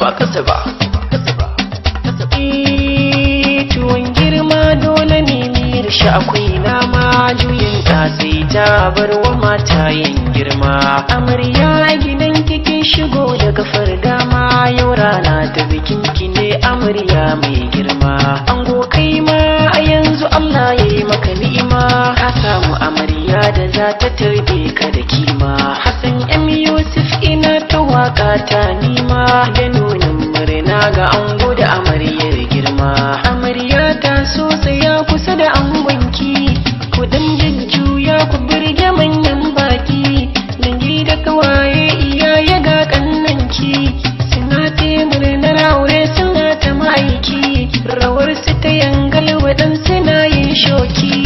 ba kasa ba tuwon girma dole ne ni shi akwai nama juyin sai ta bar wa mata yin girma amarya gidan kikin shigo daga ma yau rana ta bikin kine ne amarya mai girma ango kai ma a yanzu allah ya yi maka ni'ima ka samu amarya da za ta tarbe ka da kima hassan m yusuf ina ta waka ta nima da na ga ango da amaryar girma amarya ta so tsaya kusa da angonki ku dan ya ku birge manyan baki dangi da kawaye iyaye ga kannanki suna ta murnar aure suna ta ma'aiki rawar su ta yangal waɗansu suna yin shoki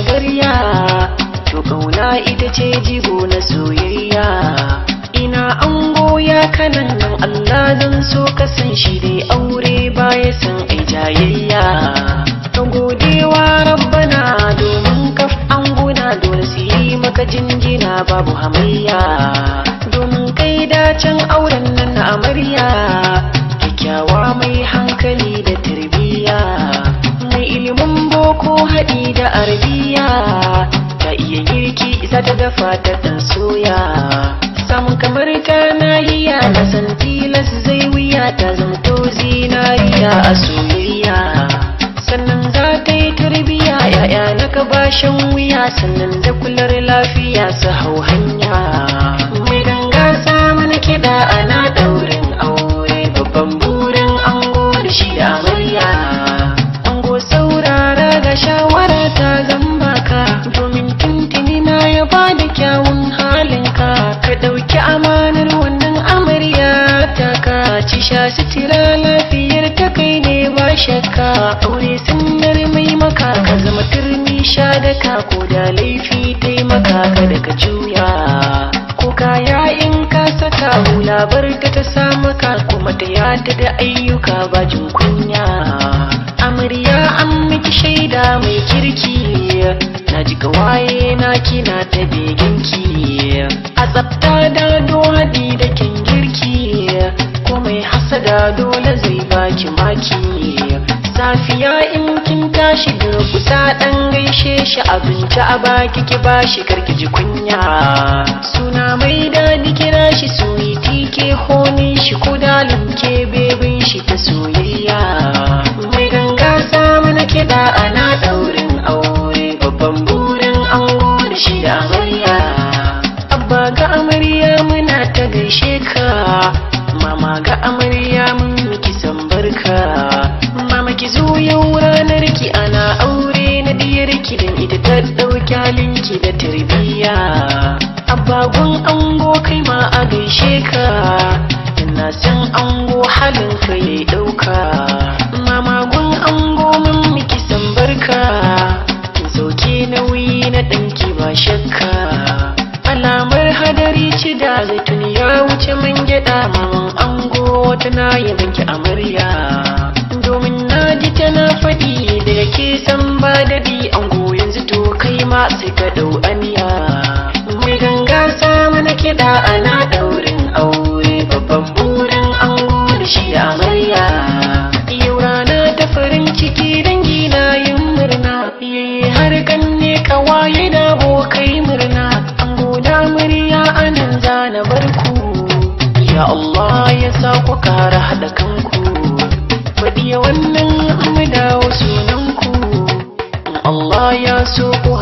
magarya to kauna ita ce jigo na soyayya ina ango ya kanan nan Allah zan so ka san shi dai aure baya san ai jayayya ka godewa rabbana domin ka kaf anguna dole su yi maka jinjina babu hamayya domin kai dacen auren nan na amarya ta dafa ta ta soya samun kamar ka nahiya na san tilas zai wuya ta zamto zinariya a soyayya sannan za ta yi tarbiya ya'ya na bashin wuya sannan da kular lafiya su hau hanya shakka aure sandar mai maka ka zama turmi sha daka ko da laifi taimaka ka daga juya ko kaya in ka saka hula bar ta ta sa maka kuma ta yada da ayyuka ba jin kunya amarya an miki shaida mai kirki na ji gawaye na kina ta beginki a tsafta da dohaɗi da kin girki ko mai hasada dole zai baki maki safiya in kin tashi kusa dan gaishe shi abinci a baki ki bashi karki ji kunya suna mai dadi kira shi suwiti ke honi shi kudalin ke bebin shi ta soyayya mai ganga sa mana kiɗa ana ki da tarbiyya abagun ango kai ma a gaishe ka ina san ango halin ka ya dauka mamagun ango mun miki san barka ki sauke nauyi na danki ba shakka alamar hadari ci da zaitun ya wuce mun gyada maman ango tana miki amarya domin na ji tana faɗi da ke san ba da suka dau aniya mai ganga sa mana kiɗa ana ɗaurin aure babban burin an da shi amarya yau rana ta farin ciki dangi na yin murna har ganne kawaye da bokai murna an goda murya anan zana barku ya Allah ya sa ku kara haɗa kanku faɗiya wannan da wasu nan ku Allah ya so ku